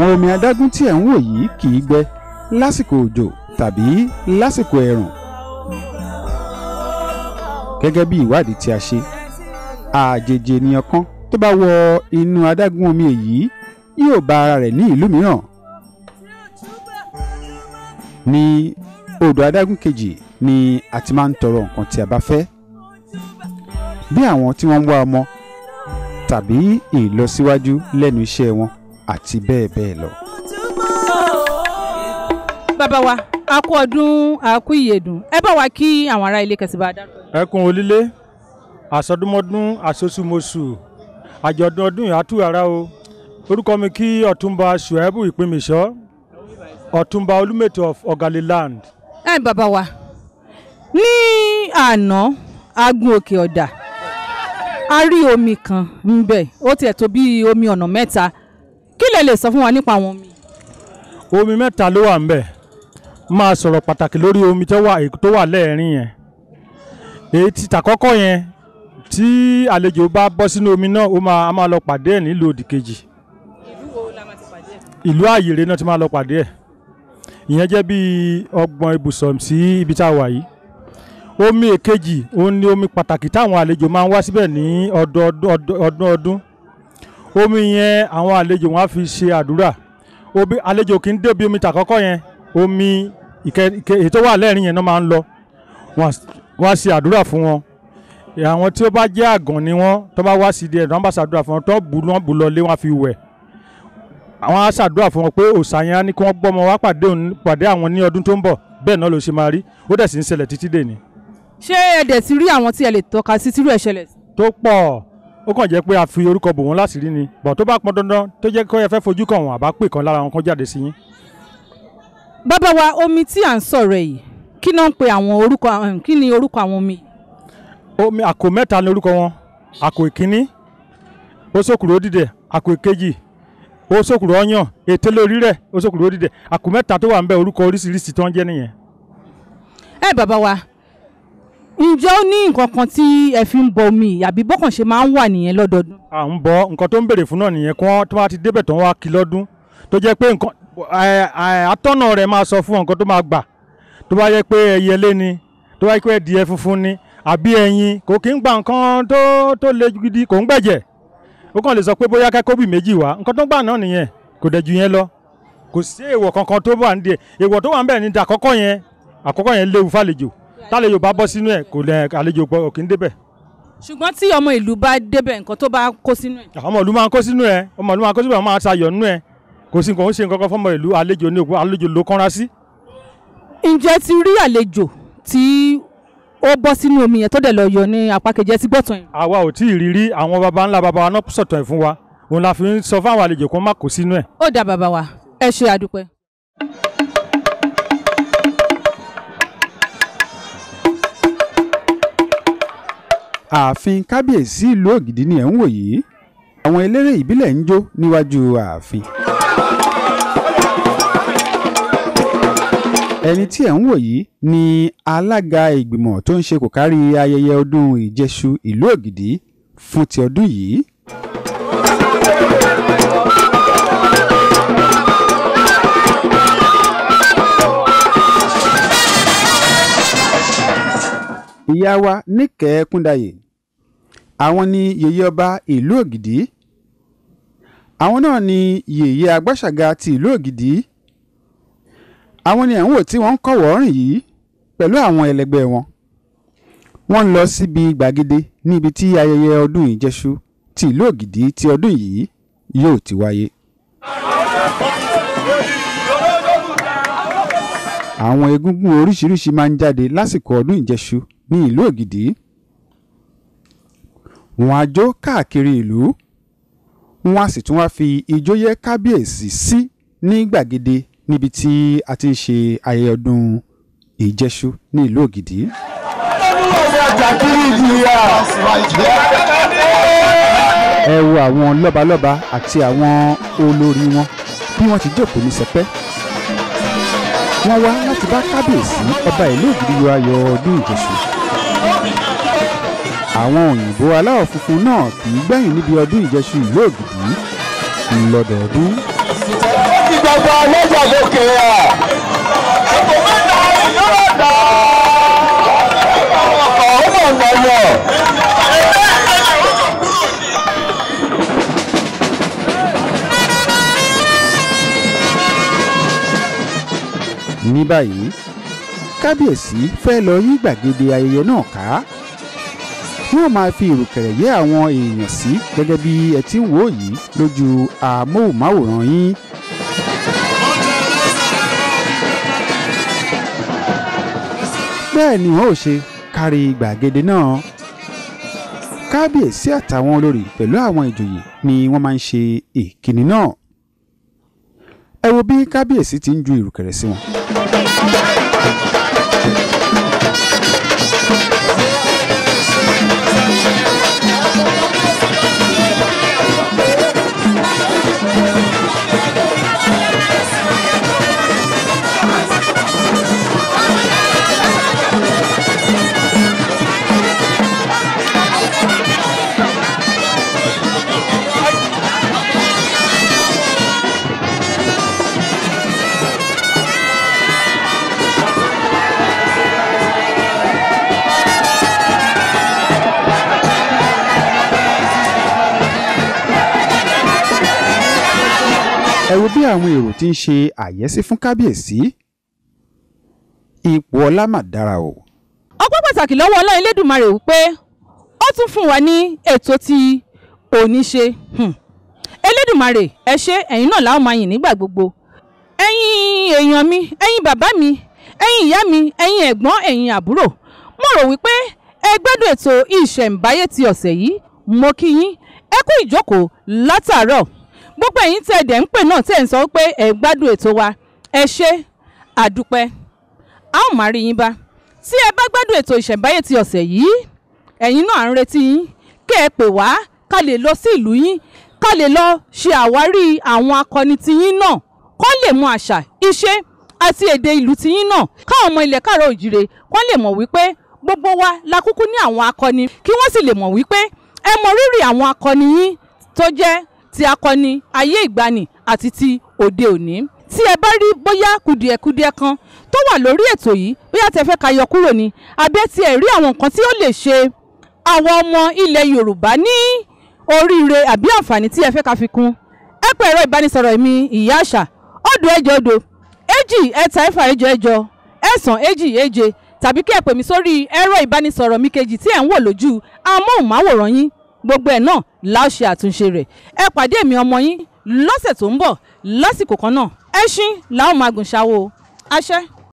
àwọn omi adágún tí ẹ̀ ń wò yìí kì í gbẹ lásìkò òjò tàbí lásìkò ẹ̀rùn. gẹ́gẹ́ bí ìwádìí tí a ṣe àjèjì ènìyàn kan tó bá wọ inú adágún omi èyí yóò bá ara rẹ̀ ní ìlú mìíràn. ní odò adágún kejì ni a ti máa ń tọrọ nǹkan tí a bá fẹ́ bí àwọn tí wọ́n ń wá ọmọ tàbí ìlọsíwájú lẹ́nu iṣẹ́ wọn àti bẹ́ẹ̀ bẹ́ẹ̀ lọ. bàbá wa a kú ọdún a kú ìyèdùn ẹ bá wa kí àwọn ará ilé kẹsì bá a dárúkọ. ẹkùn olílé àsọdúnmọdún àsosùmọsù àjọ̀dún ọdún ìyàtú ara o orúkọ mi kí ọ̀túnba ṣùẹ́bù ìpínmìṣọ́ ọ̀túnba olúmètò of ogaliland. ẹ bàbá wa ní àná agun òkè ọ̀dà a rí omi kan ń bẹ̀ ó tiẹ̀ tó bí omi ọ̀nà mẹ́ta kí lẹ lè sọ fún wa nípa àwọn omi. omi mẹ́ta ló wà ńbẹ̀ máa sọ̀rọ̀ pàtàkì lórí omi tó wà lẹ́ẹ̀rín yẹn èyí ti tàkọ́kọ́ yẹn tí àlejò bá bọ́ sínú omi náà ó máa máa lọ pàdé ẹ̀ nílùú òdì kejì ìlú àyèrè náà ti máa lọ pàdé ẹ̀ ìyẹn jẹ́ bíi ọgbọ̀n ibùsọ̀ sí ibi tá a wà yìí omi èkejì òun ni omi pàtàkì táwọn àlejò máa ń wá síbẹ̀ ní ọdún ọdún omi yẹn àwọn àlejò wọn á fi ṣe àdúrà obi àlejò kì í débi omi tàkọ́kọ́ yẹn omi ìkẹ ìkẹ èyí tó wà lẹ́rìn yẹn náà máa ń lọ wọ́n á ṣe àdúrà fún wọn àwọn tí ó bá jẹ́ àgàn ni wọ́n tó bá wá sí di ẹ̀dùn àbá ṣàdúrà fún wọn tó bù lọ́n bù lọ́lé wọn fi wẹ̀ àwọn á ṣàdúrà fún wọn pé òòṣà yẹn á ní kí wọ́n gbọ́mọ wá pàdé àwọn ní ọdún tó ń bọ̀ bẹ́ẹ̀ náà ló ṣe máa rí ó dẹ̀ sì ń ṣẹlẹ̀ títí dèní. ṣé ẹ ti rí àwọn tí ẹ lè tọ́ka sí tírú ẹ̀ ṣẹlẹ̀. tó pọ̀ ó kàn jẹ́ pé a fi orúkọ bò wọ́n láṣìírí ni bọ̀ tó bá pọn dandan tó jẹ́ kó yẹ fẹ́ fojú kàn wọ́n àbá pè kan lára wọn kan jáde sí yín. bàbá wa omi tí à ń sọ̀rọ̀ yìí kí náà ń pe àwọn orúkọ ehm, kí ni orúkọ àwọn omi. omi àkò mẹ́ta ni orúkọ wọn àkò ìkíní osokùrò dídẹ̀ àkò ìkejì osokùrò ọyàn ètè lórí rẹ̀ osokùrò dídẹ̀ àkò mẹ́ta tó wà ń bẹ orúkọ oríṣiríṣi tó ń jẹ́ nìyẹn. ẹ bàbá wa ǹjẹ́ ó ní nǹkan kan tí ẹ fi ń bọ omi àbí bọ́kàn ṣe máa ń wà nìyẹn lọ́dọọdún. à ń bọ nǹkan tó ń béèrè fún náà nìyẹn kí wọ́n tó bá ti débẹ̀ tó wá kí lọ́dún tó jẹ́ pé nǹkan atọ́nà rẹ̀ máa sọ fún nǹkan tó máa gbà tó bá jẹ́ pé ẹyẹlé ni tó bá jẹ́ pé ẹdìyẹ funfun ni àbí ẹyin kò kí ń gba nǹkan tó tó le gidi kò ń gbẹ̀jẹ̀ ó kàn lè sọ pé bóyá kẹ́kọ̀ọ́ bì méjì wá nǹkan tó ń tálejò bá bọ́ sínú ẹ̀ kò lẹ́ àlejò gbọ́ òkè ń débẹ̀. ṣùgbọ́n tí ọmọ ìlú bá débẹ̀ nǹkan tó bá kó sínú ẹ̀. ọmọ ìlú máa kó sínú ẹ ọmọ ìlú máa kó sínú ẹ máa ṣayọ̀ nínú ẹ kò sí nǹkan ó ṣe nǹkan kan fọmọ ìlú àlejò ní òkú àlejò ló kọ́ra sí. ǹjẹ́ ti rí àlejò tí ó bọ́ sínú omi yẹn tó dẹ̀ lọ yọ ní apá kejì ẹ ti gbọ́tàn yẹn. àwa ò tí ì baba wa náà sọ̀tàn ààfin kábíyèsí ìlú ògìdì ni ẹ̀ ń wò yìí àwọn eléré ìbílẹ̀ ń jó níwájú ààfin. ẹni tí ẹ̀ ń wò yìí ni alága ìgbìmọ̀ tó ń ṣe kò kárí ayẹyẹ ọdún ìjẹṣu ìlú ògìdì fún ti ọdún yìí. ìyá wa níkẹ́ẹ́ kúndàyè àwọn ni yèyé ọba ìlú ògidì àwọn náà ni yèyé agbáṣàga ti ìlú ògidì àwọn ni àwọn tí wọ́n ń kọ́ wọ́ọ́rìn yìí pẹ̀lú àwọn ẹlẹgbẹ́ wọn wọ́n ń lọ síbi gbàgede níbi tí ayẹyẹ ọdún ìjẹṣu ti ìlú ògidì ti ọdún yìí yóò ti wáyé. àwọn egúngún oríṣiríṣi máa ń jáde lásìkò ọdún ìjẹṣu ní ìlú ògidì wọ́n á jó káàkiri ìlú wọ́n á sì tún wá fi ijó yẹ kábíyèsí sí ní gbàgede níbi tí a ti ń ṣe ayẹyẹ ọdún ìjẹṣu ní ìlú ògidì. ẹ wo àwọn lọ́balọ́ba àti àwọn olórí wọn bí wọ́n ti jókòó ní sẹpẹ́ wọ́n wá láti bá kábíyèsí ọba ìlú ògidì yọ ayọ̀ ọdún ìjẹṣu àwọn òyìnbó aláwọ̀ funfun náà kì í gbẹ̀yìn níbi ọdún ìjẹṣu ìlú ògìdì lọ́dọọdún. kí gbogbo ọlọ́jà lókè ẹ̀ ẹ̀kọ́ mẹ́ta yóò dá ọkọ̀ ọmọ ọ̀nàyọ̀. ní báyìí kábíyèsí fẹ́ lọ yí gbàgede ayẹyẹ náà ká yóò máa fi ìrùkẹ̀rẹ̀ yẹ́ àwọn èèyàn sí gẹ́gẹ́ bí ẹ ti ń wò yìí lójú àmóhùnmáwòrán yín. bẹ́ẹ̀ ni wọ́n ò ṣe kárí gbàgede náà kábíyèsí àtàwọn olórí pẹ̀lú àwọn ìjòyè ni wọ́n máa ń ṣe ìkíni náà ẹ wo bí kábíyèsí ti ń ju ìrùkẹ̀rẹ̀ sí wọn. ẹ wo bí àwọn èrò ti ń ṣe àyẹ́sí fún kábíyèsí ipò ọlá mà dára o. ọpẹ́ pàtàkì lọ́wọ́ ọlọ́run elédùnmarè wípé ó tún fún wa ní ètò tí òní ṣe hmm. elédùnmarè ẹ ṣé ẹ̀yin náà la ó máa yìn nígbà gbogbo ẹ̀yin èèyàn mi ẹ̀yin bàbá mi ẹ̀yin ìyá mi ẹ̀yin ẹ̀gbọ́n ẹ̀yin àbúrò mo rò wípé ẹ gbádùn ètò ìṣẹ̀ǹbáyé ti ọ̀sẹ̀ yìí mo kí yín ẹ kú ìjókòó látàárọ̀ gbogbo ẹ̀yin tẹ̀ dẹ̀ ń pè náà tẹ̀ ń sọ pé ẹ̀ gbádùn ètò wa ẹ ṣe àdúpẹ́ a ó máa rí yín bá tí ẹ bá gbádùn ètò ìṣẹ̀ǹbáyé ti ọ̀sẹ̀ yìí ẹ̀yin náà à ń retí yín kí ẹ pè wá ká lè lọ sí ìlú yín ká lè lọ ṣe àwárí àwọn akọni tiyín náà kó lè mọ àṣà ìṣe àti èdè ìlú tiyín náà káwọn ọmọ ilẹ̀ káàrọ̀ òjìrè kó lè mọ̀ wípé gbogbo wa la kúkú ní àwọn akọni kí wọ́n sì lè mọ̀ wípé ẹ mọ rírì àwọn akọni yín tó jẹ́ ti akọni ayé ìgbani àti ti òde òní tí ẹ bá rí bóyá kùdìẹ̀kùdìẹ̀ kan tó wà lórí ètò yìí bóyá tẹ́ fẹ́ ká yọ kúrò ní abẹ́ tí ẹ rí àwọn nǹkan tí ó lè ṣe àwọn ọmọ ilẹ̀ Yorùbá ní oríire àbí àǹfààní tí ẹ fẹ́ ká fi kún ẹ pè ẹ̀rọ ìbánisọ̀rọ̀ mi ìyá àṣà òdo ẹ̀jọ òdo èjì ẹ̀ta ẹ̀fà ẹ̀jọ ẹ̀jọ ẹ̀sán èjì èje tàbí kí ẹ pè mí sórí ẹ̀rọ ìbánisọ̀rọ̀ mi kejì tí ẹ̀ ń wò lójú amóhùnmáwòrán yín gbogbo ẹ̀ náà la ó ṣe àtúnṣe rẹ̀ ẹ pàdé èmi ọmọ yín lọ́sẹ̀ tó ń bọ̀ lásìkò kan náà ẹṣin la ó máa gùn ṣáwó aṣẹ́.